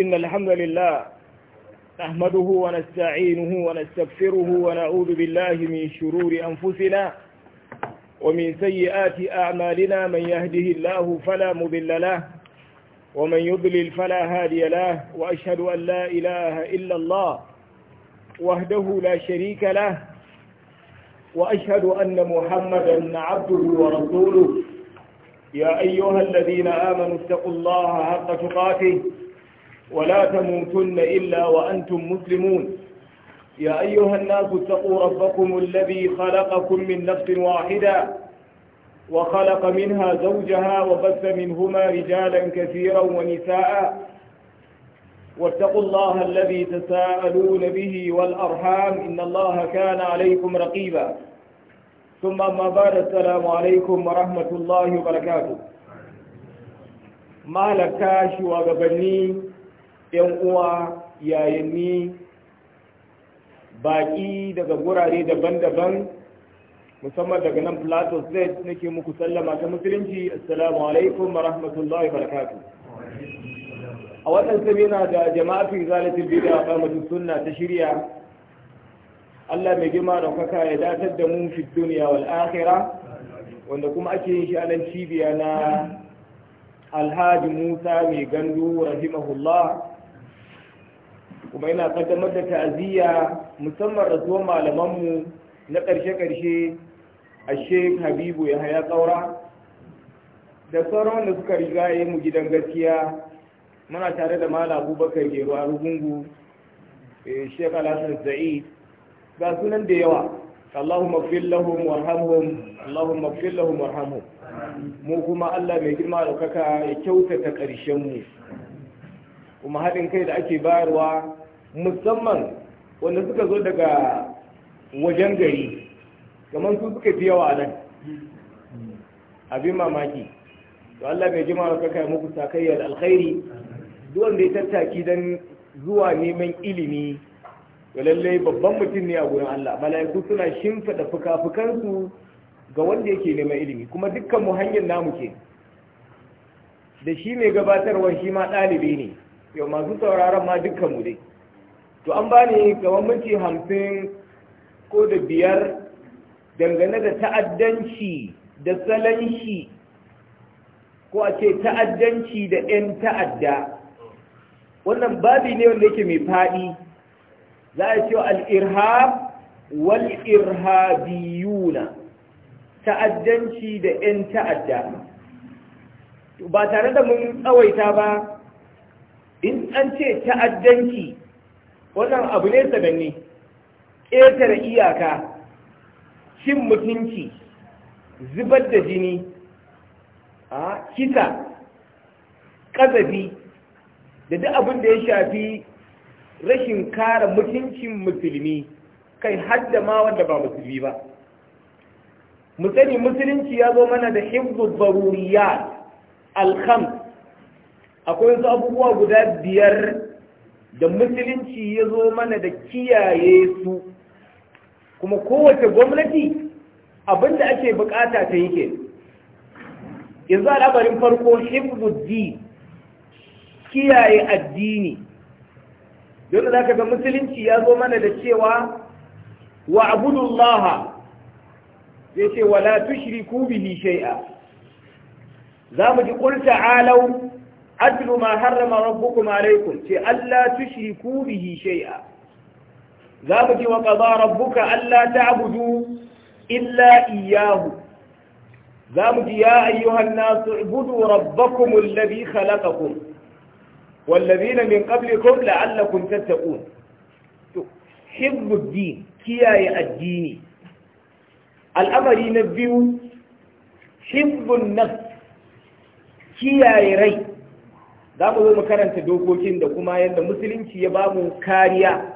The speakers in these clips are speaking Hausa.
إن الحمد لله نحمده ونستعينه ونستغفره ونعوذ بالله من شرور أنفسنا ومن سيئات أعمالنا من يهده الله فلا مضل له ومن يضلل فلا هادي له وأشهد أن لا إله إلا الله وحده لا شريك له وأشهد أن محمدا عبده ورسوله يا أيها الذين آمنوا اتقوا الله حق تقاته ولا تموتن إلا وأنتم مسلمون يا أيها الناس اتقوا ربكم الذي خلقكم من نفس واحدة وخلق منها زوجها وبث منهما رجالا كثيرا ونساء واتقوا الله الذي تساءلون به والأرحام إن الله كان عليكم رقيبا ثم ما بعد السلام عليكم ورحمة الله وبركاته ما لكاش وغبنين 'yan uwa yayanni baƙi daga gurare daban-daban musamman daga nan plateau state nake muku sallama ta musulunci assalamu alaikum wa rahmatullahi barakatu a wannan samina da jama'afin zalatin bida a ƙamatin sunna ta shirya allah mai girma da kaka ya datar da mu fi duniya wal akhira wanda kuma ake yin shi cibiya na alhaji musa mai gandu rahimahullah kuma yana kaddamar da ta'aziyya musamman rasuwar malamanmu na ƙarshe-ƙarshe a sheikh habibu ya haya tsaura da sauran da suka riga yi mu gidan gaskiya muna tare da mala abubakar gero a rugungu eh, sheikh alhassan za'id ga sunan da yawa allahumma fil lahum warhamhum allahumma fil lahum warhamhum mu kuma allah mai girma da kaka ya kyautata ƙarshen mu kuma haɗin kai da ake bayarwa musamman wanda suka zo daga wajen gari kamar su suka fi yawa nan abin mamaki to Allah bai jima ka kai muku sakayya da alkhairi duk wanda ya tattaki dan zuwa neman ilimi to lallai babban mutum ne a gurin Allah mala'iku suna da fukafukan su ga wanda yake neman ilimi kuma dukkan mu hanyar namu ke da shi mai gabatarwa shi ma ɗalibi ne yau masu sauraron ma dukkan mu dai to an bani kamar minti hamsin ko da biyar dangane da ta'addanci da salon shi ko a ce ta'addanci da 'yan ta'adda wannan babi ne wanda yake mai faɗi za a ce al'irhab wal irhabiyuna ta'addanci da 'yan ta'adda ba tare da mun tsawaita ba in an ce ta'addanci wannan abu ne sananne ƙetare iyaka cin mutunci zubar da jini a kisa ƙazabi da duk abin da ya shafi rashin kare mutuncin musulmi kai hadda ma wanda ba musulmi ba mu sani musulunci ya zo mana da hibbu baruriya alkhams akwai wasu abubuwa guda biyar da musulunci ya zo mana da kiyaye su kuma kowace gwamnati abinda ake bukata ta yi ke yanzu al'amarin farko hibzuddi kiyaye addini don za ka ga musulunci ya zo mana da cewa wa abudullaha zai ce wala tushriku bihi shay'a za mu ji qul ta'alau أتل ما حرم ربكم عليكم في ألا تشركوا به شيئا ذابك وقضى ربك ألا تعبدوا إلا إياه ذابك يا أيها الناس اعبدوا ربكم الذي خلقكم والذين من قبلكم لعلكم تتقون حفظ الدين كياي الدين الأمر ينبيه حفظ النفس كياي ريت za mu zo mu karanta dokokin da kuma yadda musulunci ya ba mu kariya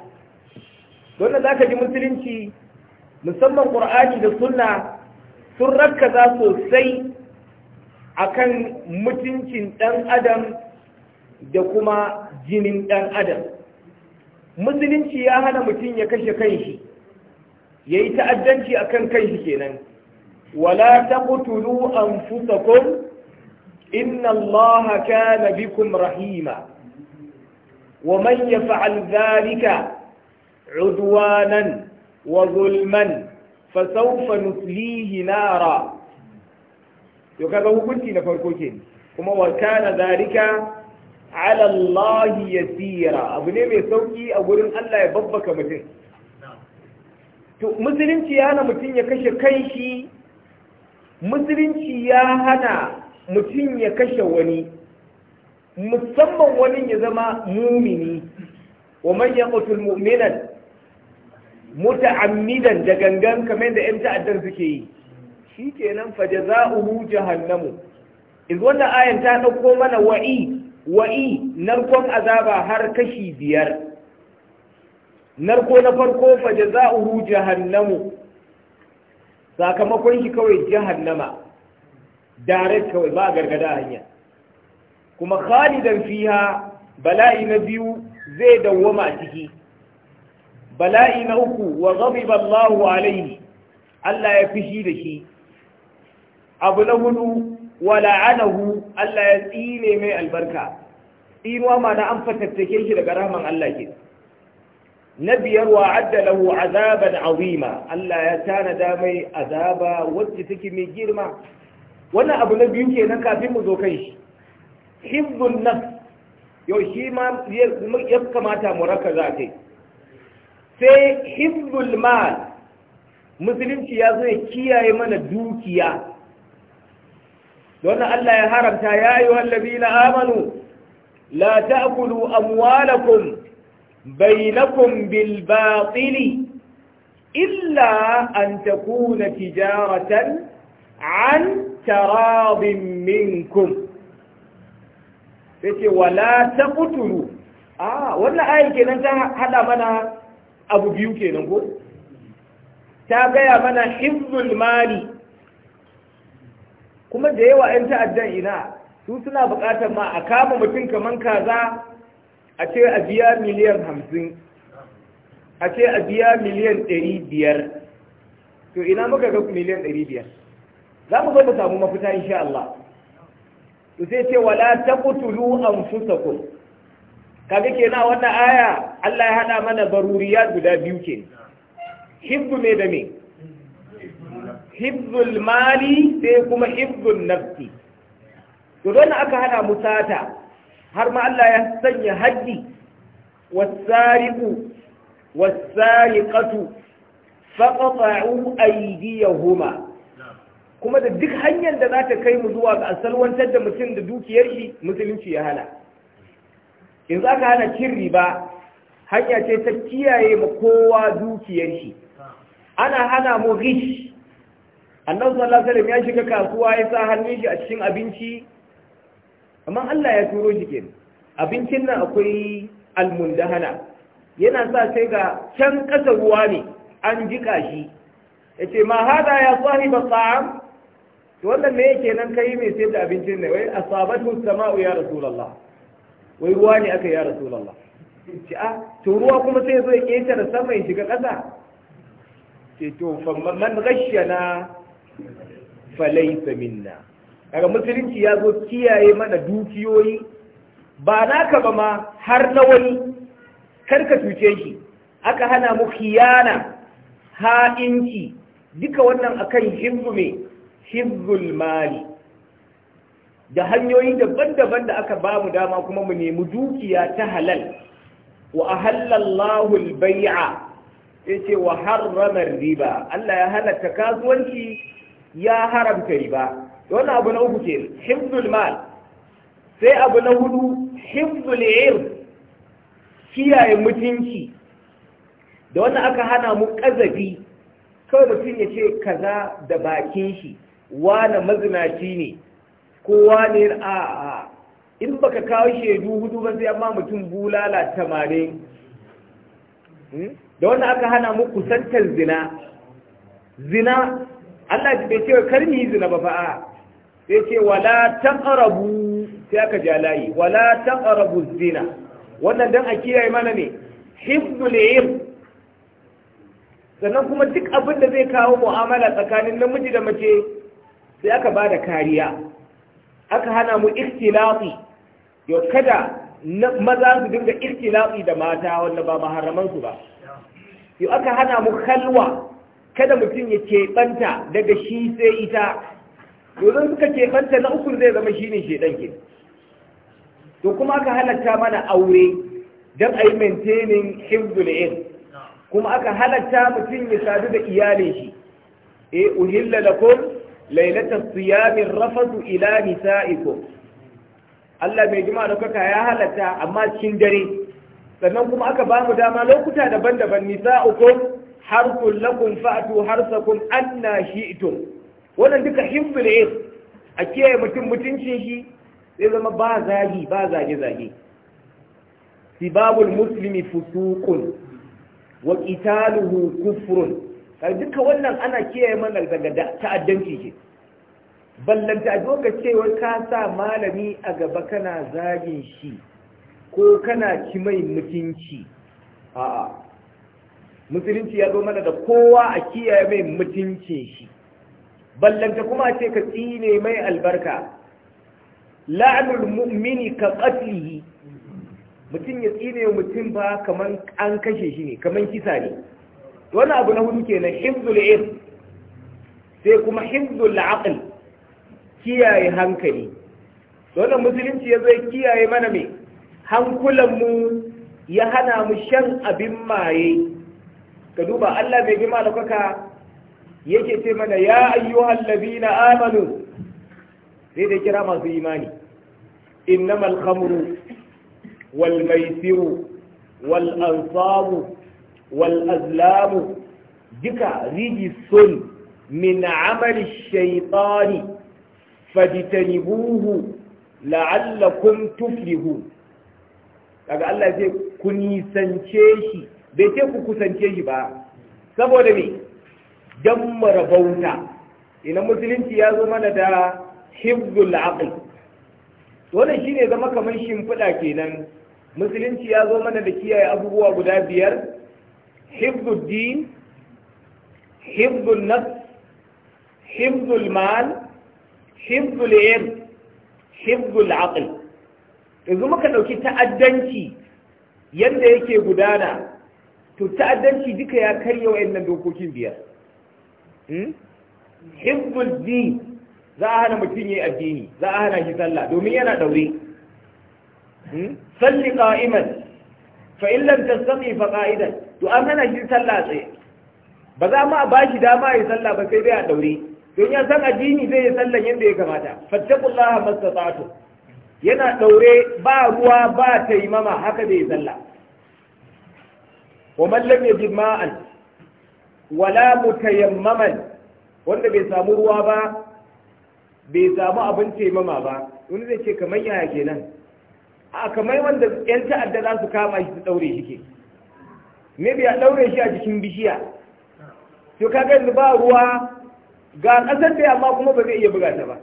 don za ka ji musulunci musamman ƙur'ani da sunna sun rakkaza sosai akan mutuncin ɗan adam da kuma jinin ɗan adam musulunci ya hana mutum ya kashe kanshi ya yi ta'addanci a kan kanshi kenan wala ta kutulu an fusakon inna Allah kana bikum rahima wa man yaf'al dhalika udwanan wa zulman fasawfa nuslihi nara to kaga hukunci na farko ke kuma wa kana dhalika ala Allah yasira abu ne mai sauki a gurin Allah ya babbaka mutum musulunci ya hana mutum ya kashe kanshi musulunci ya hana mutum ya kashe wani musamman wani ya zama mumini wa manyan yaqtul mu'minan muta'ammidan da gangan kamar da yan ta'addar suke yi Shi za a jazaohu jahannamu iz wannan ayan ta ɗauko mana wa'i wa'i narkon azaba har kashi biyar narko na farko a jazaohu jahannamu sakamakon shi kawai jahannama direct kawai ba gargada hanya kuma khalidan fiha bala'i na biyu zai dawwama a ciki bala'i na uku wa ghadiba Allahu alaihi Allah ya fishi da shi abu na hudu wa la'anahu Allah ya tsine mai albarka tsinuwa ma na an fatattake shi daga rahman Allah ke na biyar wa adda lahu azaban azima Allah ya da mai azaba wacce take mai girma wannan abu na biyu kenan kafin mu zo kai shi hibbun nan yau shi ma ya kamata mu raka za ta sai hibbul mal musulunci ya zo ya kiyaye mana dukiya don Allah ya haramta ya yi wallabi na amanu la ta'kulu amwalakum bainakum bil batili illa an takuna tijaratan an tarabin minkum yace wala ta taqtulu ah wannan ayin kenan ta hada mana abu biyu kenan ko ta gaya mana hifzul mali kuma da yawa 'yan ta'addan ina su suna bukatar ma a kama mutum kaman kaza a ce a biya miliyan hamsin a ce a biya miliyan ɗari biyar to ina muka ga miliyan ɗari biyar za mu zo mu samu mafita insha Allah to sai ce wala taqtulu anfusakum kaga kenan wannan aya Allah ya hada mana baruriya guda biyu ke hibbu ne da me hibbul mali sai kuma hibbul nafsi to don aka hada musata har ma Allah ya sanya haddi wasariqu wasariqatu faqta'u aydiyahuma kuma da duk hanyar da za ta kai mu zuwa ga asalwantar da mutum da dukiyar shi musulunci ya hana in za ka hana cin riba hanya ce ta kiyaye ma kowa dukiyar shi ana hana mu rish annabi sallallahu alaihi ya shiga kasuwa ya sa hannun shi a cikin abinci amma Allah ya turo shi abincin nan akwai almundahana yana sa sai ga can ƙasa ruwa ne an jika shi ya ce ma hada ya sahiba ta'am to wannan ne yake nan kai mai sayar da abincin ne wai asabatu sama'u ya rasulullah wai ruwa ne aka ya rasulullah ce a ah, to ruwa kuma sai zo ya da sama ya shiga ƙasa ce to man ghashana falaysa minna kaga musulunci ya zo kiyaye mana dukiyoyi ba naka ba ma har na wani kar ka cuce shi aka hana mu khiyana ha'inci duka wannan akan himmu mai hizbul mali da hanyoyi daban-daban da aka bamu dama kuma mu nemi dukiya ta halal wa ahallallahu al yace wa harrama riba Allah ya halatta kasuwanci ya haramta riba wannan abu na uku ke hifzul mal sai abu na hudu hifzul ird kiyaye mutunci da wannan aka hana mu kazabi kawai mutum ya ce kaza da bakin shi wane mazinaci ne ko wane a a in baka kawo shaidu hudu ba sai amma mutum bulala tamare hmm? da wannan aka hana mu kusantar zina zina Allah bai ce kar mu yi zina ba fa'a sai ce wala taqrabu sai aka ja layi wala taqrabu zina wannan dan a kiyaye mana ne hibdul ilm sannan kuma duk abin da zai kawo mu'amala tsakanin namiji da mace sai aka ba da kariya aka hana mu ikhtilati yau kada maza su dinga ikhtilati da mata wanda ba maharamansu ba yau aka hana mu kalwa kada mutum ya keɓanta daga shi sai ita yanzu suka keɓanta na uku zai zama shi ne shaidan ke to kuma aka halatta mana aure don a yi maintaining hibdul'in kuma aka halatta mutum ya sadu da iyalin shi eh uhilla lakum lailatar siyamin rafatu ila nisa'ikum Allah mai jima da kaka ya halatta amma cikin dare sannan kuma aka ba mu dama lokuta daban-daban nisa'ukum harkun lakum fa'atu harsakum anna shi'tum wannan duka hibbul a kiyaye mutum mutuncin shi sai zama ba zagi ba zage-zage sibabul muslimi fusuqun wa qitaluhu kufrun duka wannan ana kiyaye mana daga ta'addanci ke ballanta a zo ka cewa ka sa malami a gaba kana zagin shi ko kana ci mai mutunci a'a musulunci ya zo mana da kowa a kiyaye mai mutuncin shi ballanta kuma ce ka tsine mai albarka la'anul mu'mini ka qatlihi mutum ya tsine mutum ba kaman an kashe shi ne kaman kisa ne wannan abu na hudu kenan hifzul ilm sai kuma hifzul aql kiyaye hankali wannan musulunci ya zai kiyaye mana Hankulan hankulanmu ya hana mu shan abin maye ka duba Allah bai bima da kaka yake ce mana ya ayyuhal ladina amanu sai da kira masu imani innamal khamru wal maisiru wal ansabu wal azlamu duka rijisun min amal shaitani fajitanibuhu la'allakum tuflihu daga Allah ce ku nisance shi bai ce ku kusance shi ba saboda me dan marabauta ina musulunci ya zo mana da hibzul aql wannan shine zama kamar shimfiɗa kenan musulunci ya zo mana da kiyaye abubuwa guda biyar hibdul din hibdul nafs hibdul mal hibdul ilm hibdul aql yanzu muka ɗauki ta'addanci yadda yake gudana to ta'addanci duka ya karya wa'annan dokokin biyar hmm? hibbul din za a hana mutum ya yi addini za a hana shi sallah domin yana ɗaure. Hmm? salli qa'iman fa in lam fa qa'idan to an hana shi sallah tsaye ba za ma ba shi dama ya sallah ba sai dai a daure don ya san addini zai yi sallan yadda ya kamata fattakullaha mastata'tu yana daure ba ruwa ba taimama haka zai sallah wa man lam yajid ma'an wala mutayammaman wanda bai samu ruwa ba bai samu abin taimama ba wani zai ce kamar yaya kenan a kamar wanda yan ta'adda za su kama shi su daure shi kenan maybe ya ɗaure shi a jikin bishiya to kaga yanzu ba ruwa ga ƙasar da amma kuma ba zai iya buga ta ba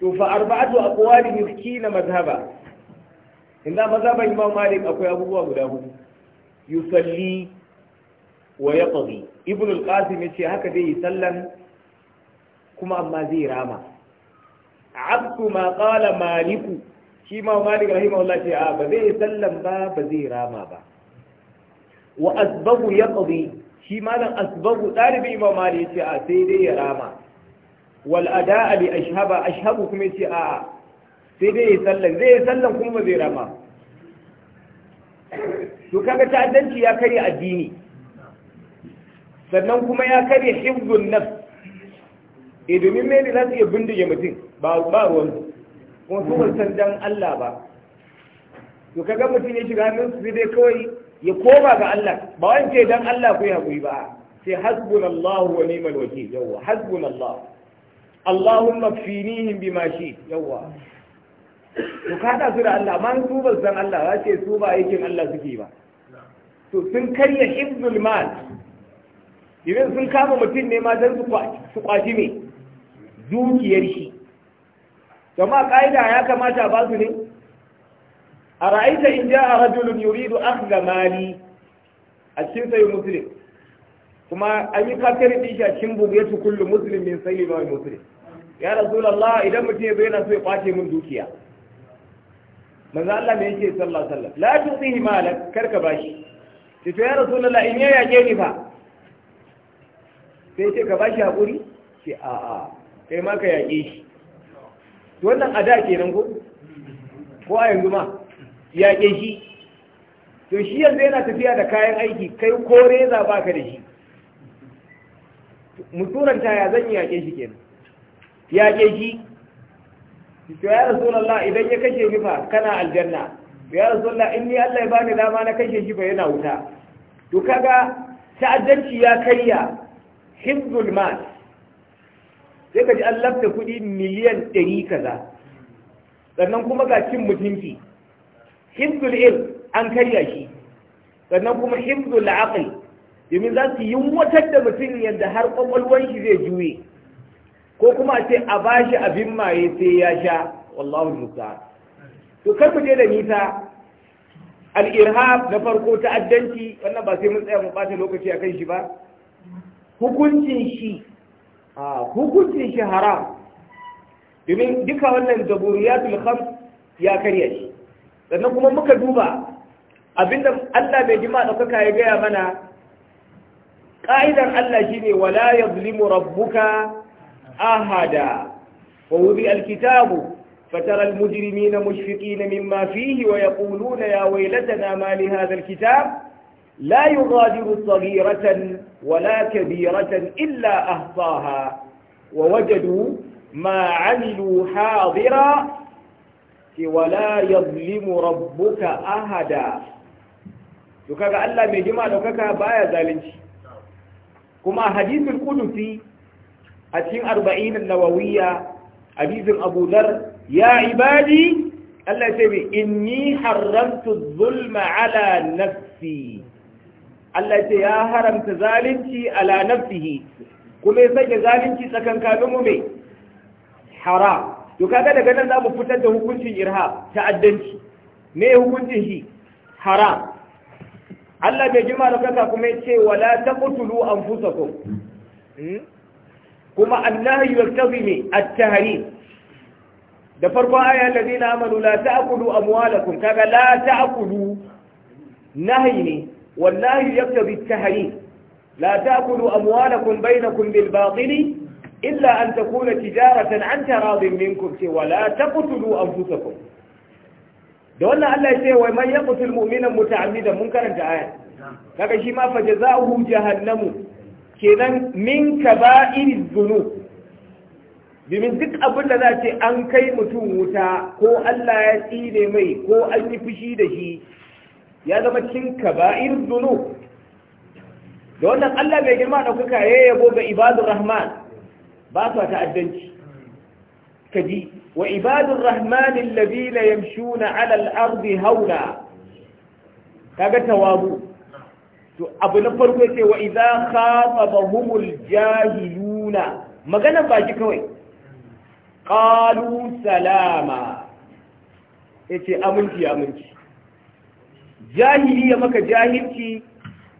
to fa arba'atu aqwali yuskina mazhaba inda mazhaban imam malik akwai abubuwa guda hudu yusalli wa yaqdi ibnu al-qasim yace haka zai yi sallan kuma amma zai rama abdu ma qala maliku shi ma malik rahimahullah ce a ba zai yi sallan ba ba zai rama ba wa asbagu yaqdi shi malam asbabu dalibi imam mali yace a sai dai ya rama wal ada'a li ashhaba ashhabu kuma yace a sai dai ya sallan zai sallan kuma ba zai rama to kaga ta'addanci ya karya addini sannan kuma ya karya hifzun naf e eh, domin ne za su iya bindige mutum ba ba ruwan kuma su san dan Allah ba to kaga mutum ya shiga nan su dai kawai ya koma ga Allah ba wai ce dan Allah ku yi hakuri ba sai hasbunallahu wa ni'mal wakil yawa hasbunallah Allahumma kfinihim bima shi yawa to kada su da Allah man su ba san Allah ya ce su ba aikin Allah suke ba to sun karya ibnul mal idan sun kama mutum ne ma dan su kwaci ne dukiyar shi jama'a ka'ida ya kamata ba su ne أرأيت إن جاء رجل يريد أخذ مالي الشيء سي كما أي كاتر إيشا شنبو بيت كل مسلم من سيد ومسلم يا رسول الله إذا متي بين سوي قاتل من دوكيا manzo Allah me yake sallallahu alaihi wasallam la tuqihi malak karka bashi sai to ya rasulullah in ya yake ni fa sai ce ka bashi hakuri sai a a kai ma ka yaƙe shi to wannan ada kenan ko ko a yanzu ma ya ƙe shi to shi yanzu yana tafiya da kayan aiki kai ko reza baka da shi ta ya zan yi yaƙe shi kenan yaƙe shi to ya rasulullah idan ya kashe shi kana aljanna ya rasulullah in ni Allah ya bani dama na kashe shi fa yana wuta to kaga ta'addanci ya karya Hindu mal sai ka ji an lafta kuɗi miliyan ɗari kaza sannan kuma ga cin mutunci hibdul ilm an karya shi sannan kuma hibdul aql domin za su yunwatar da mutum yadda har kwakwalwar shi zai juye ko kuma a ce a bashi abin maye sai ya sha wallahu musa to kar ku je da nisa al-irhab na farko ta'addanci wannan ba sai mun tsaya mu bata lokaci kan shi ba hukuncin shi a hukuncin shi haram domin duka wannan zaburiyatul khams ya karya shi sannan kuma muka duba abinda Allah bai jima ɗaukaka ya gaya mana ƙa'idar Allah shine wala yazlimu rabbuka ahada wa wudi alkitabu فترى المجرمين مشفقين مما فيه ويقولون يا ويلتنا ما لهذا الكتاب لا يغادر صغيرة ولا كبيرة إلا أحصاها ووجدوا ما عملوا حاضرا ce wala yazlimu rabbuka ahada to ga Allah mai jima daukaka baya zalunci kuma hadithul qudusi a cikin arba'in nawawiya hadisin hadithin Abu Dhar ya ibadi Allah ya ce inni haramtu Zulma ala nafsi Allah ce ya haramta zalunci ala nafsihi kuma ya sanya zalunci tsakankanin mu mai haram to kaga daga nan zamu fitar da hukuncin irhab ta'addanci me hukuncin shi haram Allah bai jima da kaka kuma yace wala taqtulu anfusakum hmm? kuma annahi yaktabi ne at-tahrim da farkon aya alladhina amanu la ta'kulu amwalakum kaga la ta'kulu nahi ne wallahi yaktabi at-tahrim la ta'kulu amwalakum bainakum bil batili illa an takuna tijaratan an taradin minkum cewa la taqtulu anfusakum da wannan Allah ya ce wai man yaqtul mu'mina muta'ammidan mun karanta aya kaga shi ma fa jazaohu Hannamu kenan min iri dhunub domin duk abin da za ce an kai mutum wuta ko Allah ya tsine mai ko an yi fushi da shi ya zama cikin iri dhunub da wannan Allah bai girma da kuka yayyabo ga ibadu rahman ba sa ta'addanci kaji wa ibadun rahmanin ladina yamshuna ala arzi ardi hauna ga tawabu to abu na farko ce wa idza khatabahumul jahiluna magana baki kawai qalu salama ce aminci aminci jahili ya maka jahilci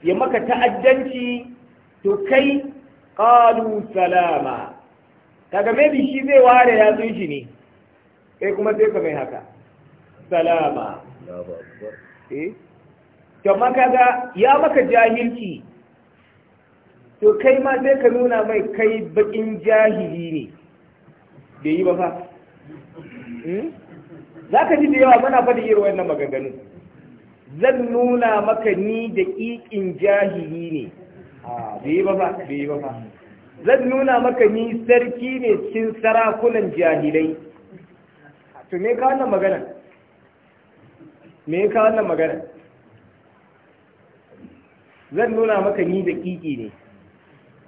ya maka ta'addanci to kai qalu salama kaga maybe shi zai ware ya tsun shi ne kai kuma sai ka mai haka salama eh to kaga ya maka jahilci to kai ma sai ka nuna mai kai bakin jahili ne bai yi ba fa hmm? za ka ji da yawa mana faɗi irin wannan maganganu zan nuna maka ni da ƙiƙin jahili ne ah, bai yi ba fa bai yi ba fa zan nuna maka ni sarki ne cikin sarakunan jahilai to me ka wannan magana me ka wannan magana zan nuna maka ni da kiki ne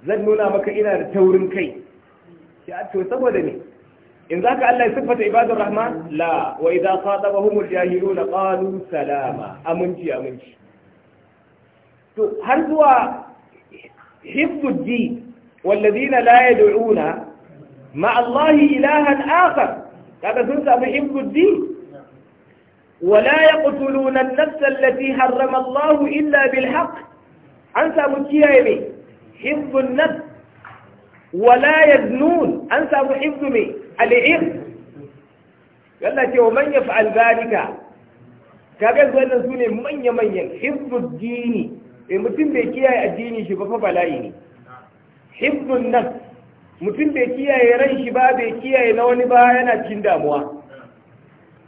zan nuna maka ina da taurin kai ya to saboda ne in za ka Allah siffata ibadur rahman la wa idza qatabahum al na qalu salama aminci aminci to har zuwa Hifudji. din والذين لا يدعون مع الله إلها آخر هذا سنسى بحب الدين ولا يقتلون النفس التي حرم الله إلا بالحق أنسى مكيامي حفظ النفس ولا يزنون أنسى محفظ مي العرض قال لك ومن يفعل ذلك kaga wannan لك من يمين حفظ الدين dini eh mutum bai فبلايني hibbun nan mutum bai kiyaye ran shi ba bai kiyaye na wani ba yana cin damuwa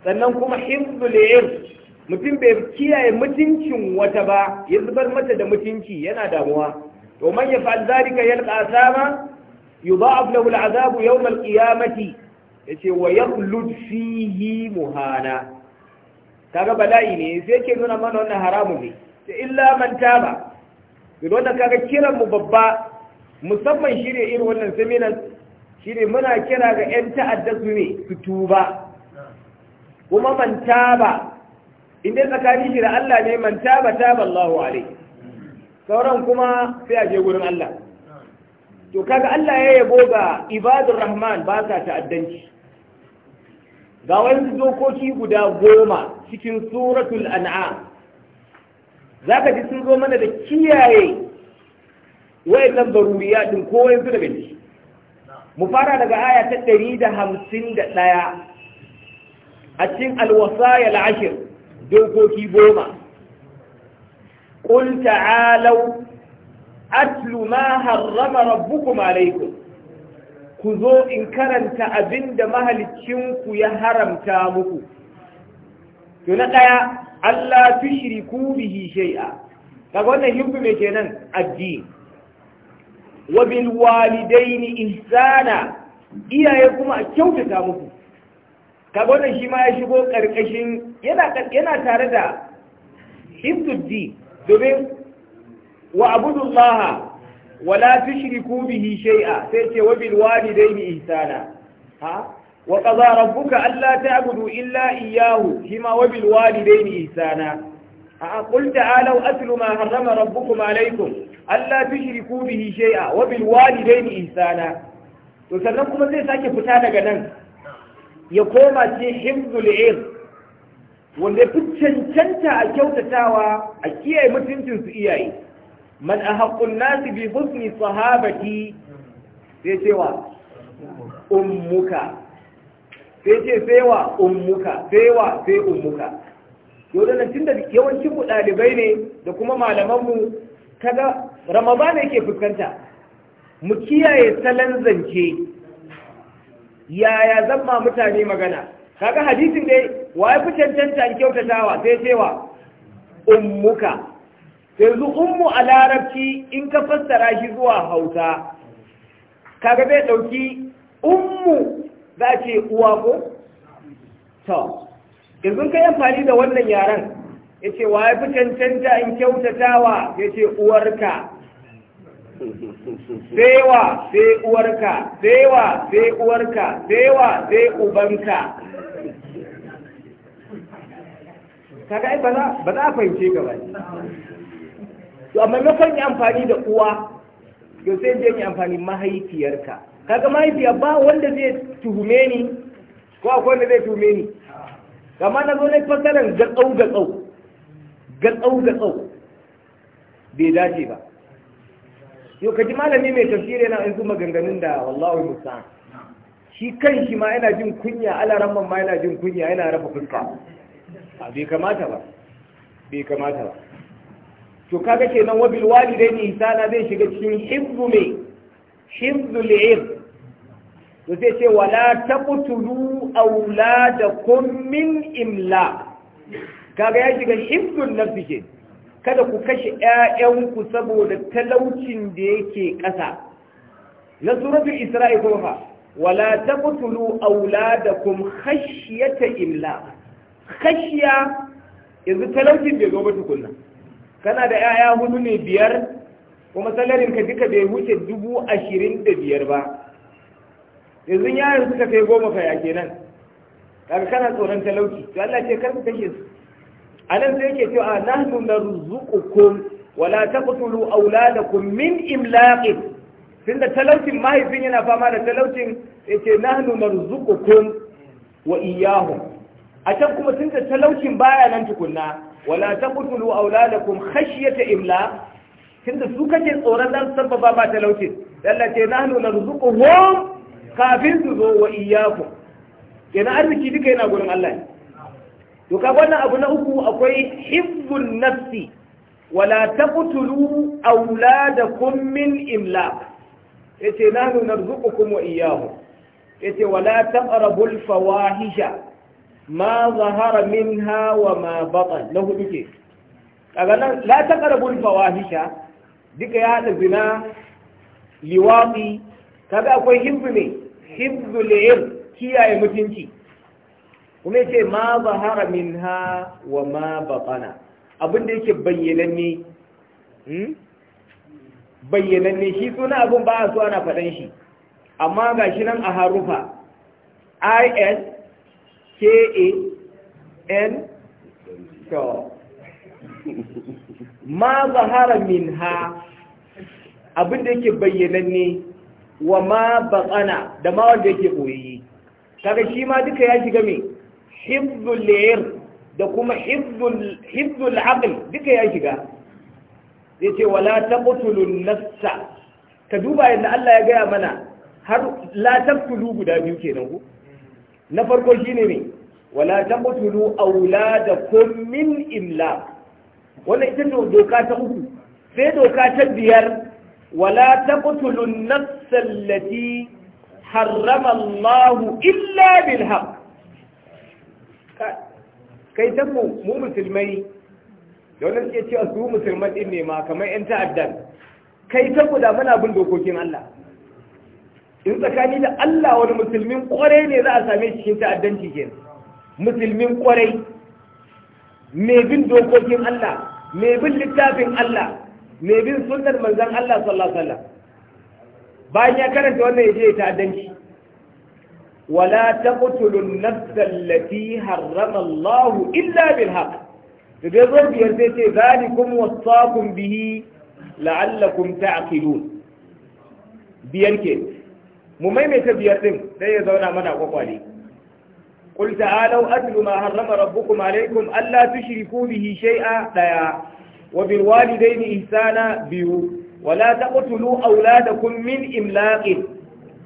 sannan kuma hibbun ir mutum bai kiyaye mutuncin wata ba ya zubar mata da mutunci yana damuwa to man fa'al zalika yalqa asama yudha'af lahu yau yawm al-qiyamati yace wa yaqlud fihi muhana kaga bala'i ne sai ke nuna mana wannan haramu ne illa man taba Idan wanda kaga kiran mu babba musamman shirya irin wannan seminars shine muna kira ga 'yan ta'adda su ne su tuba kuma man ba inda tsakanin shi da Allah ne man ba ta Allahu alaihi sauran kuma sai a je gurin Allah to kaga Allah ya yabo ga ibadur rahman ba sa ta'addanci ga wani dokoki guda goma cikin suratul an'am zaka ji sun zo mana da kiyaye wayannan baruriya din ko wayansu daga ciki mu fara daga aya ta 151 a cikin alwasaya al'ashir dokoki goma qul ta'alu atlu ma harrama rabbukum alaykum ku zo in karanta abinda ku ya haramta muku to na daya Allah tushriku bihi shay'a kaga wannan himbu kenan addini wa walidaini ihsana iyaye kuma a kyautata muku kaga wannan shi ma ya shigo karkashin yana tare da hibduddi domin wa abudullah wa la tushriku bihi shay'a sai ce wa bil walidaini ihsana ha wa qadara rabbuka ta ta'budu illa iyyahu shi ma wa bil walidaini ihsana a qul ta'alu atlu ma harrama rabbukum alaykum Allah fi shi tushriku bihi shay'a wa bil walidaini ihsana to sannan kuma zai sake fita daga nan ya koma ce himzul ir wanda ya fi cancanta a kyautatawa a kiyaye mutuncin su iyaye man ahaqqun nasi bi husni sahabati sai cewa ummuka sai ce sai wa ummuka sai wa sai ummuka yau da nan tunda yawancin mu ɗalibai ne da kuma malaman mu kaga ramadana yake fuskanta mu kiyaye salon zance yaya ma mutane magana kaga hadisin dai wa ya fi cancanta in kyautatawa sai cewa ummuka yanzu ummu a larabci in ka fassara shi zuwa hauta kaga zai ɗauki ummu za ce uwa ko to yanzu ka yi amfani da wannan yaren ya ce wa ya fi cancanta in kyautatawa ya ce uwarka sewa sai uwarka sewa sai uwarka sewa sai ubanka kaga ai ba za a fahimce gaba to amma na yi amfani da uwa yau sai je yi amfani mahaifiyarka kaga mahaifiya ba wanda zai tuhume ni ko akwai wanda zai tuhume ni kama na zo na fasaran gatsau gatsau gatsau gatsau bai dace ba yau ka ji malami mai tafsiri yana yanzu maganganun da wallahi musa shi kan shi ma yana jin kunya ramman ma yana jin kunya yana rafa fuska a ah, bai kamata ba bai kamata ba to kaga kenan wabil walidaini ihsana zai shiga cikin hibzu mai hibzu li'ir to zai ce wala taqtulu awladakum min imla kaga ya shiga hibzun nafsi kenan kada ku kashe ‘ya'yanku saboda talaucin da yake ƙasa na suratul isra'i kuma fa wala taqtulu auladakum khashyata imla khashya yanzu talaucin bai ba tukunna kana da ‘ya'ya hudu ne biyar kuma salarin ka duka bai wuce dubu ashirin da biyar ba yanzu yaran suka kai goma fa ya kenan kaga kana tsoron talauci to Allah ce kar ku kashe su anan sai yake cewa ah, nahnu narzuqukum wala taqtulu auladakum min imlaqin tunda talaucin mahaifin yana fama da talaucin yake nahnu narzuqukum wa iyyahum a can kuma tunda talaucin baya nan tukunna la taqtulu auladakum khashyata imlaq tunda su kake tsoron dan sababa ba talaucin Allah ce nahnu narzuquhum kafin su zo wa iyyakum kenan arziki duka yana gurin Allah ne to ka wannan abu na uku akwai hibbun nafsi wala taqtulu auladakum min imlaq yace nahnu narzuqukum wa iyyahum yace wala taqrabul fawahisha ma zahara minha wa ma batan na hudu ke kaga nan la taqrabul fawahisha duka ya da zina liwaqi kaga akwai hibbu ne hibbu li'ir kiyaye mutunci kuma yake ma zahara minha wa ma batana abin da yake bayyananne hmm bayyananne shi suna abin ba a so ana faɗan shi amma gashi nan a harufa i s k a n to ma zahara minha abin da yake bayyananne wa ma batana da ma wanda yake koyi kaga shi ma duka ya shiga me hibzul li'ir da kuma hibzul aql duka ya shiga zai ce wala taqtulun ka duba yadda Allah ya gaya mana har la taqtulu guda biyu kenan ku na farko shine ne wala taqtulu auladakum min imlaq wannan ita ce doka ta uku sai doka ta biyar wala ta nafsa allati harrama Allah illa bil kai ta mu mu musulmai da wani suke cewa su musulman din ne ma kamar yan ta'addan kai ta mu da muna bin dokokin Allah in tsakani da Allah wani musulmin kwarai ne za a same shi cikin ta'addanci ke musulmin kwarai mai bin dokokin Allah mai bin littafin Allah mai bin sunnar manzon Allah sallallahu alaihi wasallam bayan ya karanta wannan yaje ta'addanci wala taqtulun nafsa allati harrama Allah illa bil haqq to dai zo biyar sai ce zalikum wasaqum bihi la'allakum ta'qilun biyar ke mu maimaita biyar din sai ya zauna mana kwakwale قل تعالوا أتل ما حرم ربكم عليكم ألا تشركوا به شيئا ديا وبالوالدين إحسانا بيو ولا تقتلوا أولادكم من إملاق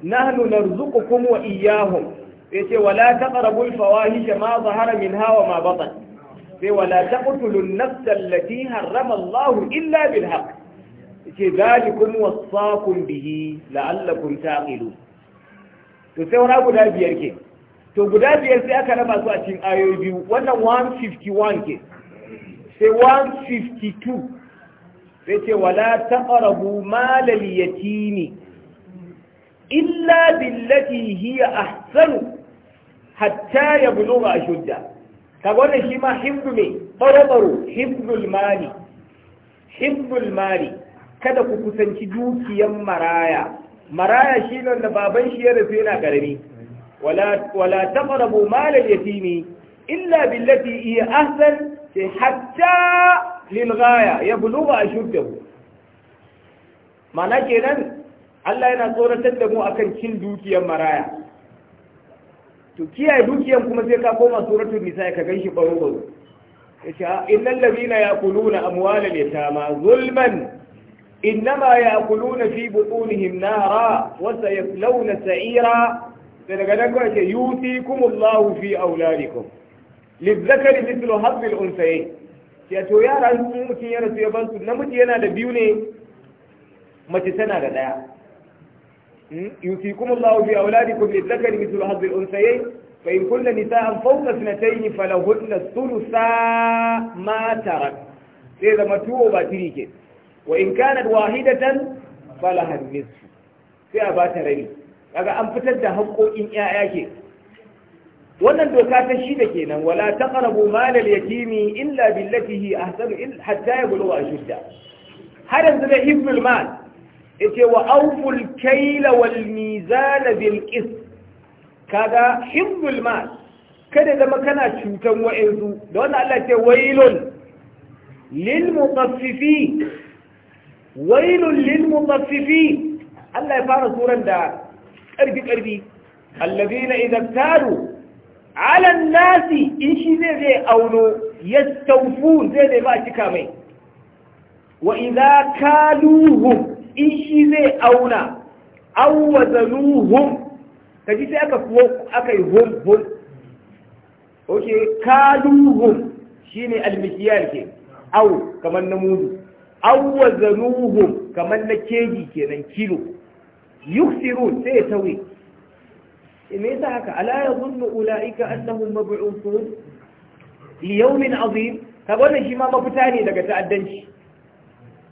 nahnu narzuqukum wa iyyahum yace wala taqrabul fawahisha ma zahara minha wa ma batan sai wala taqtulun nafsa allati harrama Allah illa bil haqq yace zalikum wasaqum bihi la'allakum taqilun to sai wani guda biyar ke to guda biyar sai aka raba su a cikin ayoyi biyu wannan 151 ke sai 152 sai ce wala taqrabu malal yatimi illa billati hiya ahsanu hatta yablugha ashudda kaga wannan shi ma hibdu ne baro baro hibdul kada ku kusanci dukiyan maraya maraya shi ne da baban shi ya rufe yana karami wala wala taqrabu mal al-yatimi illa billati hiya ahsan hatta lil ghaya yablugha ashuddahu mana kenan Allah yana tsoratar da mu akan cin dukiyar maraya to kiyaye dukiyar kuma sai ka koma suratul nisa ka ganshi baro baro yace ah, innal ladina yaquluna amwalal yatama zulman innama yaquluna fi butunihim nara wa sayaslawna sa'ira sai daga nan kawai ce yutikumullahu fi auladikum lizzakari mithlu hadhi al-unsayayn ya to yara mutum ya rasu ya ban su namiji yana da biyu ne mace tana da daya يوصيكم الله في أولادكم للذكر مثل حظ الأنثيين فإن كن نساء فوق اثنتين فلهن الثلث ما ترك sai zama tuwo ba tiri ke wa in kanat wahidatan falaha nisfu sai a ba ta rabi kaga an fitar da haƙoƙin yaya ke wannan doka ta shi da kenan wala taqrabu malal yatimi illa billati hi ahsanu hatta yablugha ashudda har yanzu da hibnul mal yace wa awful kayla wal mizan bil qis kaga himdul ma kada zama kana cutan wa'azu da wannan Allah ce wailun lil mutaffifi wailun lil mutaffifi Allah ya fara suran da karbi karbi alladhina idza taru ala nasi in shi zai zai auno yastawfu zai zai ba cika mai wa idza kaluhum in shi zai auna ka kaji sai aka kuwa aka yi hum hum oke kaluhum ne almikiyar ke au kamar na mudu awwazanuhum kamar na keji kenan kilo yuksiru sai ya tawe eh, me yasa haka ala yadhunnu ulaika annahum mab'uthun li yawmin azim kaga wannan shi ma mafita ne daga ta'addanci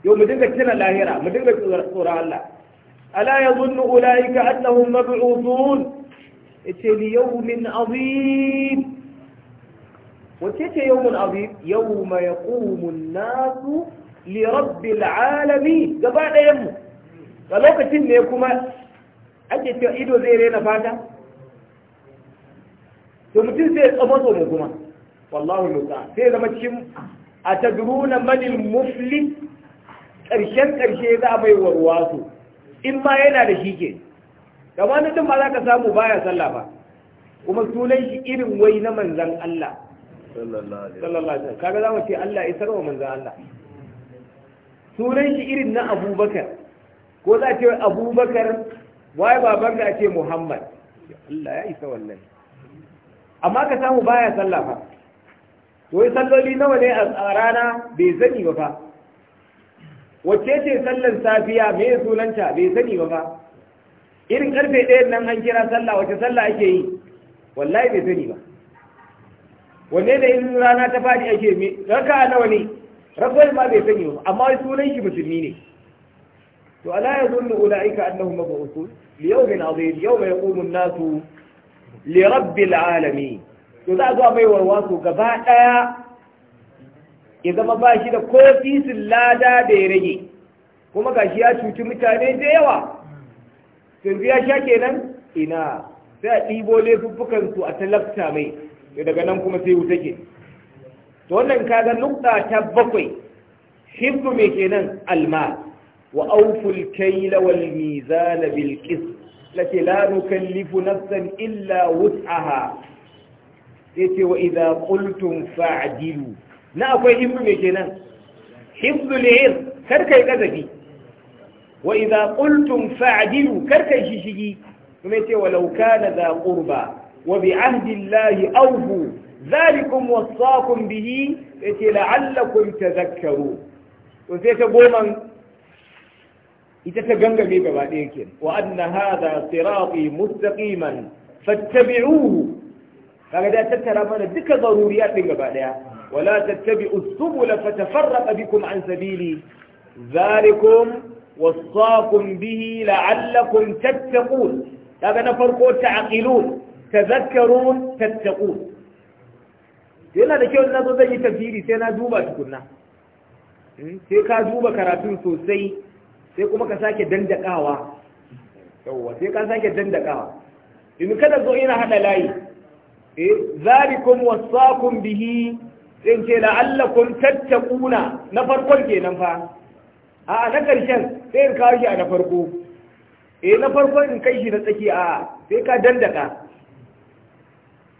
yau mu dinga tuna lahira mu dinga tsoron Allah ala yazunnu ulaika annahum mab'uthun yace li yawmin azim wace ce yawmun azim yawma yaqumu an-nasu li rabbil alamin gaba ɗayan mu a lokacin ne kuma ake cewa ido zai rena fata to mutum sai ya tsamo tsamo kuma wallahu luka sai zama cikin a tadruna manil muflis ƙarshen ƙarshe za a mai warwa su in ma yana da shi ke gama na ba za ka samu baya sallah ba kuma sunan shi irin wai na manzan Allah sallallahu alaihi kaga za mu ce Allah ya sarwa manzan Allah sunan shi irin na Abubakar ko za a ce Abubakar Wai baban da ce Muhammad Allah ya isa wallahi amma ka samu baya sallah ba to salloli nawa ne a rana bai zani ba fa wacce ce sallar safiya me ya sunanta bai sani ba ba irin karfe ɗayan nan an kira sallah wacce sallah ake yi wallahi bai sani ba wanne da in rana ta fadi ake me raka nawa ne rabbal ma bai sani ba amma sunan shi musulmi ne to ala yazunnu ulaika annahum mab'uthun li yawmin adhim yawma yaqumu an-nasu li rabbil alamin to za a zo mai warwaso gaba daya ya zama ba shi da ko fisin lada da ya rage kuma shi ya cuci mutane da yawa yanzu ya sha kenan ina sai a ɗibo laifuffukan a talabta mai daga nan kuma sai wuta ke to wannan kaga nukta ta bakwai hibbu mai kenan alma wa auful kaila wal mizana bil qist lati la nukallifu nafsan illa wus'aha yace wa idza qultum fa'dilu na akwai hibbu mai kenan hibbu li'ir kar kai kazafi wa idza qultum fa'dilu kar kai shishigi kuma yace walau kana za qurba wa bi ahdi llahi awfu zalikum wasaqum bihi yace la'allakum tadhakkaru to sai ta goman ita ta gangame gaba ɗaya ke wa anna hadha sirati mustaqiman fattabi'uhu kaga da tattara mana duka zaruriya din gaba ɗaya ولا تتبعوا السبل فتفرق بكم عن سبيلي ذلكم وصاكم به لعلكم تتقون هذا نفر قول تعقلون تذكرون تتقون لأن هذا كيف نظر ذي تفسيري سينا دوبا تكونا إيه؟ سيكا دوبا كراتون سوسي سيكو مكا ساكي دندك آوا سيكا ساكي دندك آوا إن كده زعين هذا لاي إيه؟ ذلكم وصاكم به zai ce la'allakum tattaquna na farkon kenan fa a na karshen sai in kawo shi a na farko eh na farkon in kai shi na tsaki a sai ka dandaka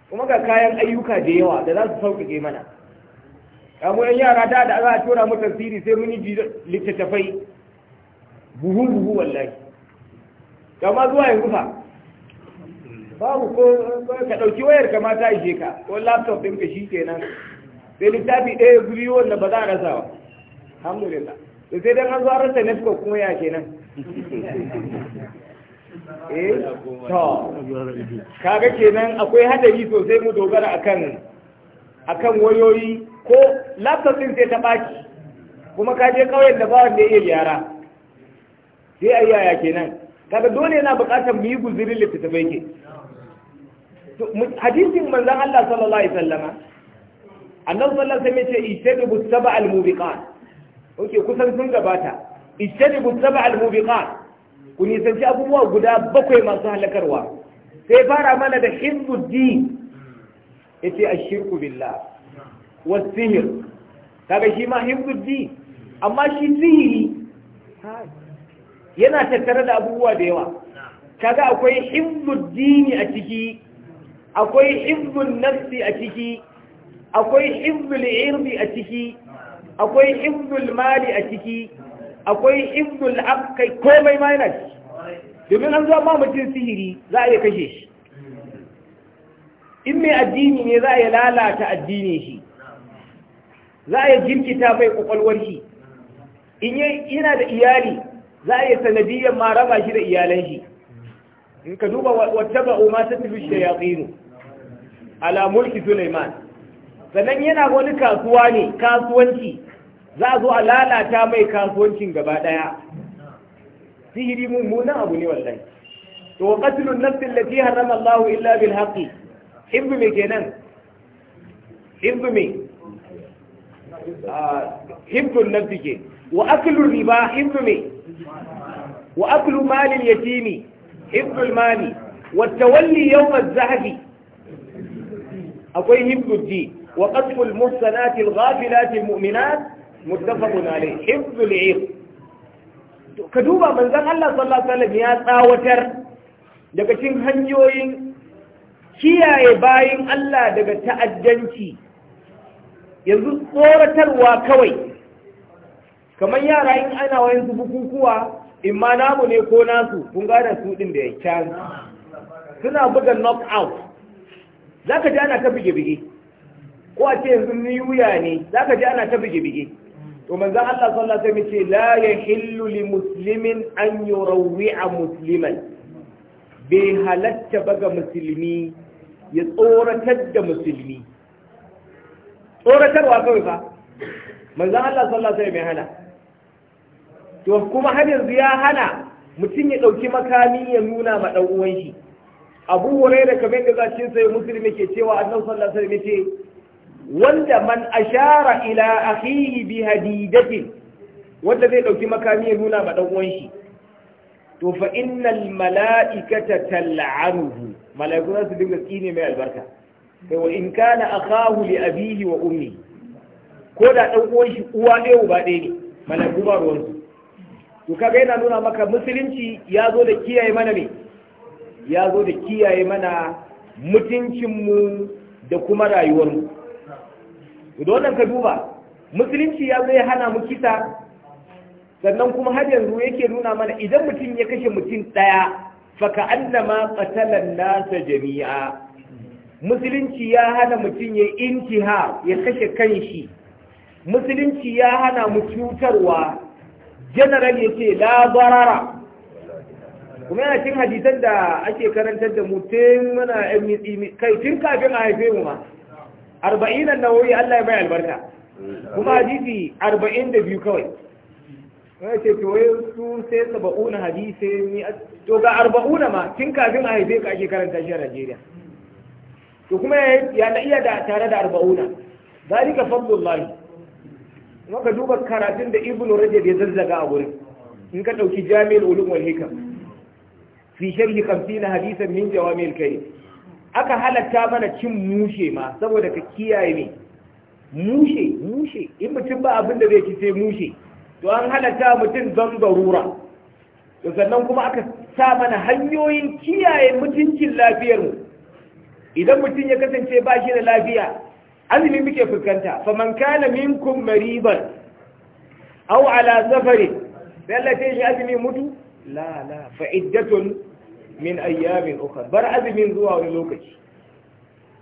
kuma ga kayan ayyuka da yawa da za su sauƙaƙe mana kamu yan yara ta da za a tura mu tafsiri sai mun yi littattafai buhu buhu wallahi kama zuwa yanzu fa babu ko ka ɗauki wayar ka ma ta ishe ka ko laptop ɗinka shi kenan sai littafi ɗaya ya biyu wanda ba za a rasa ba alhamdulillah da sai dan an zo an rasa nafka kuma ya kenan eh to kaga kenan akwai hadari sosai mu dogara akan akan wayoyi ko laptop din sai ta baki kuma ka je kauyen da bawan da yake gyara sai a yaya kenan kaga dole yana buƙatar mu yi guzuri littattafai ke hadisin manzon Allah sallallahu alaihi wasallama annabi sallallahu alaihi wasallam yace ijtanibu sab'al mubiqat oke kusan sun gabata ijtanibu sab'al mubiqat ku nisanci abubuwa guda bakwai masu halakarwa sai fara mana da Ya hizbuddin yace ashirku billah wasihir kaga shi ma hizbuddin amma shi sihiri yana tattare da abubuwa da yawa kaga akwai dini a ciki akwai hizbun nafsi a ciki akwai hibbul irbi a ciki akwai hibbul mali a ciki akwai hibbul akai komai ma yana ciki domin an zo ba mutum sihiri za a iya kashe shi in mai addini ne za a iya lalata addini shi za a yi jirkita mai kwakwalwar shi in yana da iyali za a iya sanadiyyar ma raba shi da iyalan shi in ka duba wata ba'u ma ta tafi shayaqinu ala mulki Sulaiman sannan yana wani kasuwa ne kasuwanci za a zo a lalata mai kasuwancin gaba ɗaya sihiri mummunan abu ne wallahi to wa qatlun nafs allati harrama Allahu illa bil haqqi hibbu me kenan hibbu me ah, hibbu nafsi ke wa aklu riba hibbu me wa aklu mali al yatimi hibbu al mali wa tawalli yawm al zahabi akwai hibbu din وقذف المحسنات الغافلات المؤمنات متفق عليه حفظ العيق كدوبا من ذن الله صلى الله عليه وسلم يا تاوتر daga cikin hanyoyin kiyaye bayin Allah daga ta'addanci yanzu tsoratarwa kawai kamar yara in ana wayansu bukukuwa in ma namu ne ko nasu kun gane su din da ya suna buga knock out za ka ji ana ta bige-bige ko a ce yanzu ni wuya ne za ka ji ana ta bige-bige to manzan Allah sallallahu alaihi wasallam ce la yahillu li muslimin an a musliman bai halatta ba ga musulmi ya tsoratar da musulmi tsoratarwa kawai fa manzan Allah sallallahu alaihi wasallam ya hana to kuma har yanzu ya hana mutum ya ɗauki makami ya nuna ma ɗan uwan shi abu hurairah kamar yadda zacin sai musulmi ke cewa annabi sallallahu alaihi wasallam ya ce wanda man ashara ila akhihi bi hadidatin wanda zai dauki makami ya nuna ma dan uwan shi to fa innal malaikata tal'anuhu malaiku za su dinga kine mai albarka kai wa in kana akahu li abihi wa ummi ko da dan uwan shi uwa ɗaya uba ɗaya ne malaiku ba ruwan su to kaga yana nuna maka musulunci ya zo da kiyaye mana ne ya zo da kiyaye mana mutuncinmu da kuma rayuwarmu da ka duba musulunci ya zo ya hana mu kisa sannan kuma har yanzu yake nuna mana idan mutum ya kashe mutum ɗaya faka annama qatalan nasa jami'a musulunci ya hana mutum ya intiha ya kashe kanshi musulunci ya hana mu cutarwa general yace la barara kuma yana cin hadisan da ake karantar da mu tun muna kai tun kafin a haife mu ma arba'in nan nawoyi Allah ya mai albarka kuma hadisi arba'in da biyu kawai wani ce to wai su sai saba'una hadisi ni to ga arba'una ma tun kafin a haife ka ake karanta shi a Najeriya to kuma ya na iya da tare da arba'una ka zalika kuma maka duba karatun da ibnu rajab ya zazzaga a wurin in ka dauki jami'ul ulum wal hikam fi sharhi 50 hadisan min jawami'il kai. aka halatta mana cin mushe ma saboda ka kiyaye ne mushe mushe in mutum ba abin da zai ci sai mushe to an halatta mutum don garura to sannan kuma aka sa mana hanyoyin kiyaye mutuncin lafiyar mu. idan mutum ya kasance ba shi da lafiya azumi muke fuskanta man kana minkum mariban aw ala safarin sai Allah ya azumi mutu la la fa iddatun min ayyamin ukhra bar azumin zuwa wani lokaci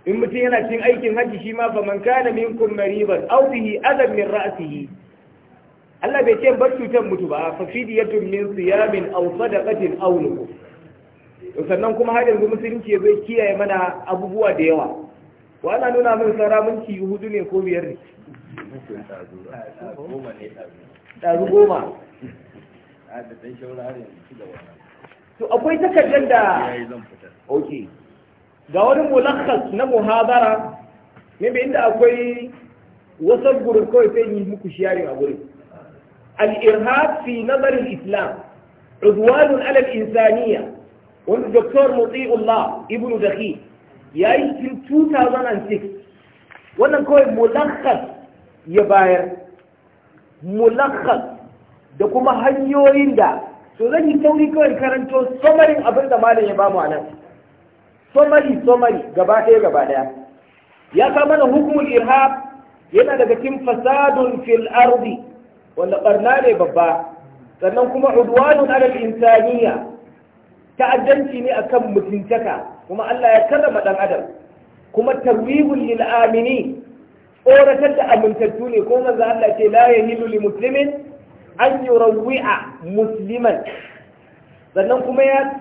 in mutum yana cin aikin hajji shi ma fa man kana minkum mariban aw bihi adam min ra'sihi Allah bai ce bar cutar mutu ba fa fidiyatun min siyamin aw sadaqatin aw nusuk sannan kuma har yanzu musulunci zai kiyaye mana abubuwa da yawa wa ana nuna min sara minti hudu ne ko biyar ne ɗazu goma to akwai takardar da ok ga wani mulakas na muhabara maybe inda akwai wasan gurin kawai sai yi muku shiyari a gurin al-irhab fi nazarin islam udwanun alal insaniya wani doktor muti'ullah ibnu dakhi ya yi cikin 2006 wannan kawai mulakas ya bayar mulakas da kuma hanyoyin da to zan yi sauri kawai karanto somarin abin da malam ya bamu a nan somari somari gaba ɗaya gaba ɗaya ya sa mana hukumul irhab yana daga cikin fasadun fil ardi wanda barna ne babba sannan kuma udwanun alal insaniya ta'addanci ne akan mutuntaka kuma Allah ya karrama dan adam kuma tarwibul lil amini tsoratar da amintattu ne ko manzo Allah ce la yahilu li muslimin an yurawwi'a musliman sannan kuma ya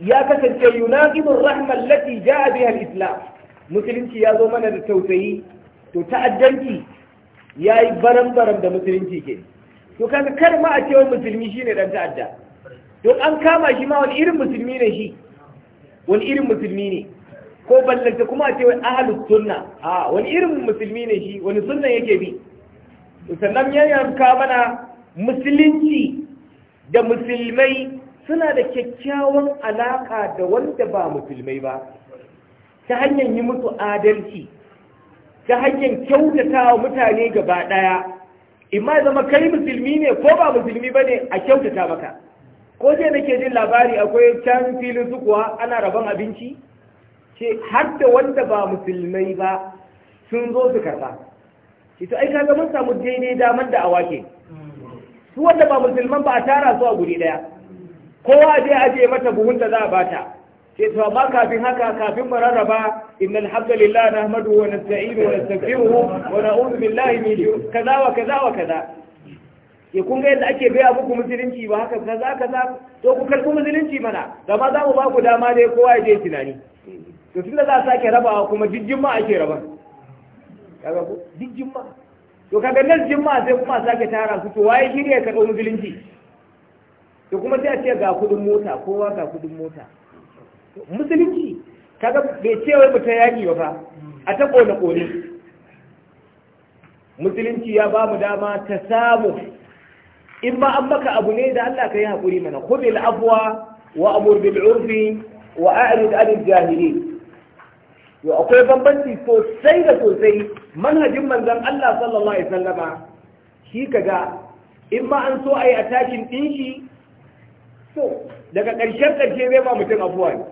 ya kasance yunaqibur rahma allati ja'a biha al-islam musulunci ya zo mana da tausayi to ta'addanci yayi baram-baram da musulunci ke to kaga kar ma a ce wani musulmi shine dan ta'adda to an kama shi ma wani irin musulmi ne shi wani irin musulmi ne ko ballanta kuma a ce wani ahlus sunna a wani irin musulmi ne shi wani sunna yake bi sannan ya yanka mana musulunci da musulmai suna da kyakkyawan alaƙa da wanda ba musulmai ba ta hanyar yi musu adalci ta hanyar kyautata wa mutane gaba ɗaya imma zama kai musulmi ne ko ba musulmi ba ne a kyautata maka ko je nake jin labari akwai can filin su kuwa ana rabon abinci ce har da wanda ba musulmai ba sun zo su karɓa ita ai kaga mun samu daidai damar da awake su wanda ba musulman ba a tara su a guri daya kowa je aje mata buhun da za a bata sai to amma kafin haka kafin mu rarraba innal lillahi nahmadu wa nasta'inu wa nastaghfiruhu wa na'udhu billahi min shururi kaza wa kaza wa kaza ya kun ga yadda ake gaya muku musulunci ba haka kaza kaza to ku karbi musulunci mana gama za mu ba ku dama ne kowa ya je tunani to tunda za a sake rabawa kuma jijjin ma ake rabar. kaga ko jijjin ma to kaga nan jimma sai kuma sake tara su to waye shirya ka ɗau musulunci to kuma sai a ce ga kuɗin mota kowa ga kudin mota musulunci kaga bai ce wai mutum yaƙi ba fa a ta ƙone ƙone musulunci ya ba mu dama ta samu in ma an maka abu ne da Allah ka yi hakuri mana khudil afwa wa amur bil urfi wa a'rid anil jahilin yo akwai bambanci sosai da sosai manhajin manzan Allah sallallahu alaihi sallama shi kaga in ma an so a yi attachin ɗin shi so daga ƙarshen ƙarshe zai ba mutum afuwa ne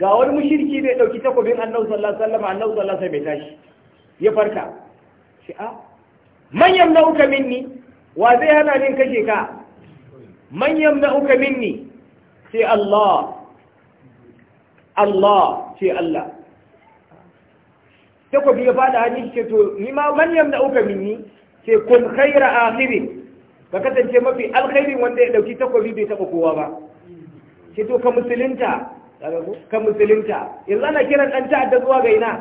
ga wani mushirki bai ɗauki takobin annabi sallallahu alaihi sallama annabi sallallahu alaihi bai tashi ya farka shi a ah, manyan na'uka minni wa zai hana ni kashe ka manyan na'uka minni sai Allah Allah sai Allah takobi ya fada hannun shi to ni ma manyan na uka minni ce kun khaira akhirin ka kasance mafi alkhairi wanda ya dauki takobi bai taba kowa ba ce to ka musulunta ka musulunta illa na kiran dan ta'adda zuwa ga ina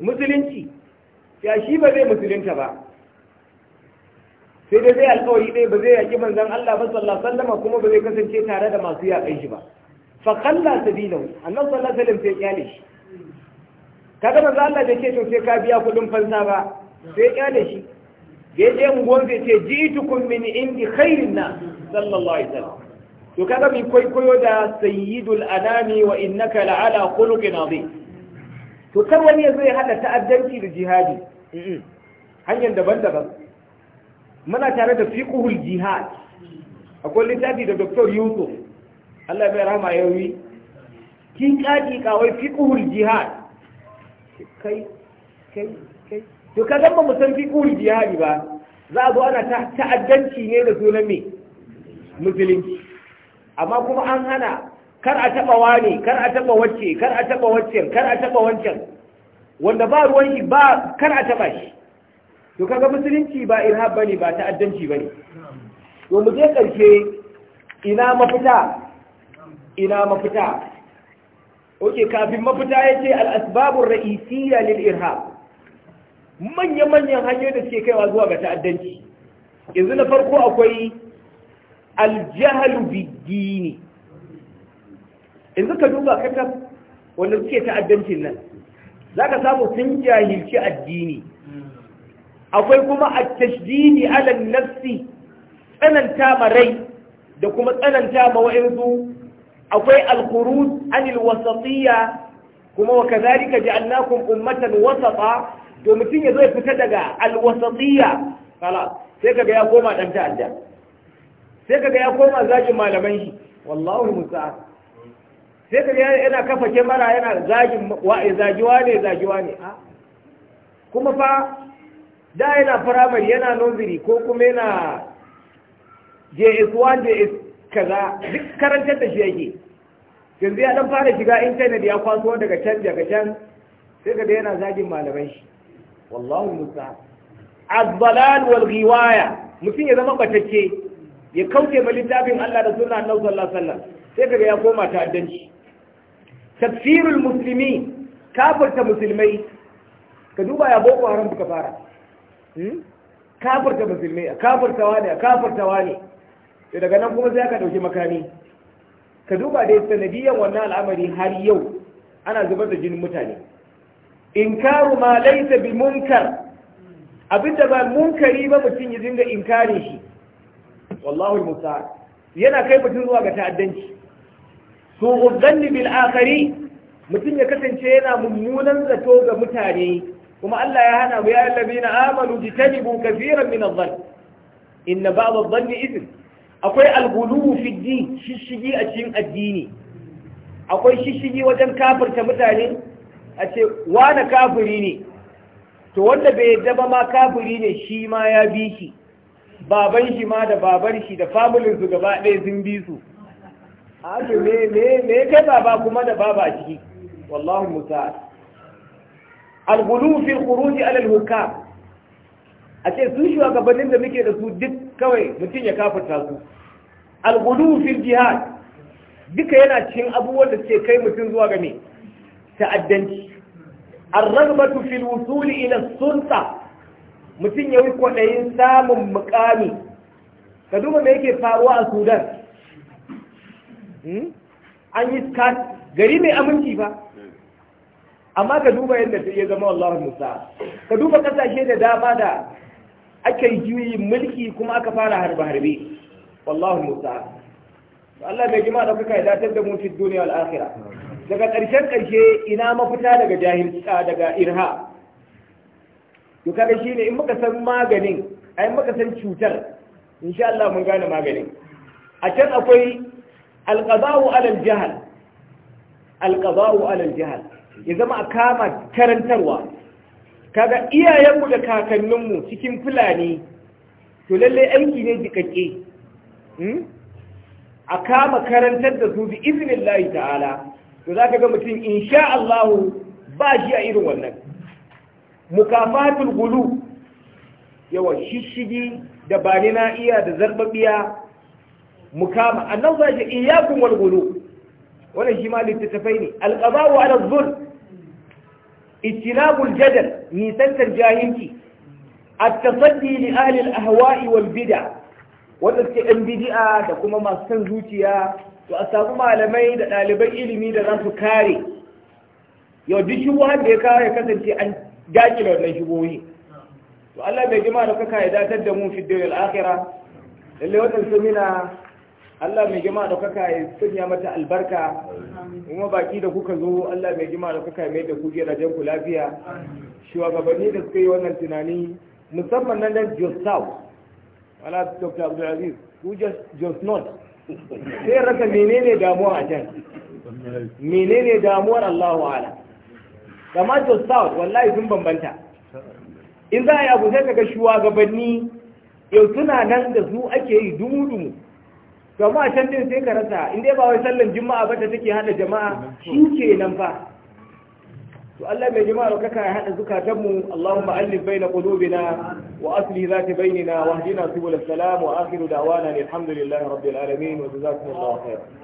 musulunci ya shi ba zai musulunta ba sai dai zai alkawari ɗaya ba zai yaki manzon Allah ba sallallahu alaihi wasallam kuma ba zai kasance tare da masu yaƙan shi ba fa qalla sabilahu annabi sallallahu alaihi wasallam sai ya shi kaga manzo Allah bai ce to sai ka biya kudin fansa ba sai da shi ya je unguwan sai ce tukun min indi khairin na sallallahu alaihi wasallam to kaga mi kwaikwayo da sayyidul anami wa innaka la'ala khuluqin azim to kar wani ya zai hada ta'addanci da jihadi hanyar daban-daban muna tare da fiqhul jihad akwai littafi da Dr. Yusuf Allah bai rahama yayi kin kaji kawai fiqhul jihad kai kai kai to ka zama musan fi kuri jihadi ba za a zo ana ta'addanci ne da sunan me musulunci amma kuma an hana kar a taba wani kar a taba wacce kar a taba wacce kar a taba wancan wanda ba ruwan shi ba kar a taba shi to kaga musulunci ba irhab bane ba ta'addanci bane to mu je karshe ina mafita ina mafita oke kafin mafita ya ce al'asbabun ra'isiyya lil irhab manya-manyan hanyar da suke kaiwa zuwa ga ta'addanci yanzu na farko akwai aljahalu bidini yanzu ka duba kakaf wanda suke ta'addancin nan za ka samu sun jahilci addini akwai kuma a tashdini ala nafsi tsananta ma rai da kuma tsananta ma waɗansu. akwai al anil wasatiyya kuma wa kadhalika ja'alnakum ummatan wasata to mutum ya ya fita daga al-wasatiyya kala sai kaga ya koma dan ta'adda sai kaga ya koma zagin malaman shi wallahi musta'an sai kaga yana kafa kemara yana zagin wa'i zagiwa ne zagiwa ne kuma fa da yana firamare yana nursery ko kuma yana js1 js kaza duk karantar da shi yake yanzu ya dan fara shiga intanet ya kwaso daga can daga can sai ka yana zagin malamai shi wallahu musa azbalal wal ghiwaya mutum ya zama batacce ya kauce ma littafin Allah da sunna Annabi sallallahu alaihi wasallam sai kaga ya koma addanci tafsirul muslimi kafirta musulmai ka duba ya boko haram ka fara hmm? kafirta musulmai kafirtawa ne kafirtawa ne daga nan kuma sai ka dauki makami ka duba dai sanadiyan wannan al'amari har yau ana zubar da jinin mutane inkaru ma laisa bi munkar abinda ba munkari ba mutum ya dinga inkarin shi wallahu musta'an yana kai mutum zuwa ga ta'addanci su uzzanni bil akhari mutum ya kasance yana mummunan zato ga mutane kuma Allah ya hana mu ya allazina amanu jitanibu kaseeran min adh-dhann inna ba'd adh-dhanni ithm akwai algulu fi din shishigi a cikin addini akwai shishigi wajen kafirta mutane a ce wani kafiri ne to wanda bai yadda ba ma kafiri ne shi ma ya bi shi baban shi ma da babar shi da familin su gaba ɗaya sun bi su a ce me me me kai baba kuma da baba ciki wallahu musta'an algulu fi khuruji ala al-hukam a ce su shugabannin da muke da su duk kawai mutum ya kafa su al-ghudu fil jihad duka yana cikin abubuwan da suke kai mutum zuwa ga me ta'addanci ar-raghbatu fil wusul ila sulta mutum ya yi kwaɗayin samun mukami ka duba me yake faruwa a Sudan hmm? an yi gari mai aminci ba amma ka duba yadda ya zama Allah musa ka duba kasashe da dama da aka yi juyin mulki kuma aka fara harbe-harbe wallahu musa Allah bai jima ɗaukaka ya datar da mu fi duniya wal daga ƙarshen ƙarshe ina mafita daga jahilta daga irha to kaga shine in muka san maganin ai muka san cutar insha Allah mun gane maganin a can akwai alqada'u alal jahal alqada'u alal jahal ya zama a kama karantarwa kaga iyayenmu da kakanninmu cikin fulani to lallai aiki ne jikakke hmm? a kama karantar da su bi izinin layi ta'ala to za ka ga mutum insha Allahu ba shi a irin wannan mukafatul gulu yawa shishigi da ba na iya da zarbabiya mukama annan za shi iyakun wal gulu wannan shi ma littattafai ne alqabawu ala zul ijtinabul jadal nisantar jahilci at-tasaddi li ahli al-ahwa'i wal bid'a wanda suke yan bidi'a da kuma masu san zuciya to a samu malamai da ɗaliban ilimi da za su kare yau duk shubuhan da ya kawo ya kasance an dakile wannan shubuhi to Allah bai jima da kaka ya datar da mu fi dunyal akhirah lalle wannan sumina Allah mai gima da kuka yi sanya mata albarka kuma baki da kuka zo Allah mai gima da yi mai da ku gidajen ku lafiya shugabanni da suka yi wannan tunani musamman nan dan Jostau wala Dr. Abdul Aziz ku just not sai rasa menene damuwa a can menene damuwar Allahu ala amma Jostau wallahi sun bambanta in za a yi abu sai kaga shugabanni yau suna nan da su ake yi dumu-dumu to amma a can din sai ka rasa in dai ba wai sallan juma'a ba ta take hada jama'a shi ke nan fa to Allah mai jama'a ka ya hada zukatan mu Allahumma alif baina qulubina wa asli zati bainina wahdina subul salam wa akhiru da'wana alhamdulillahi rabbil alamin wa jazakumullahu khairan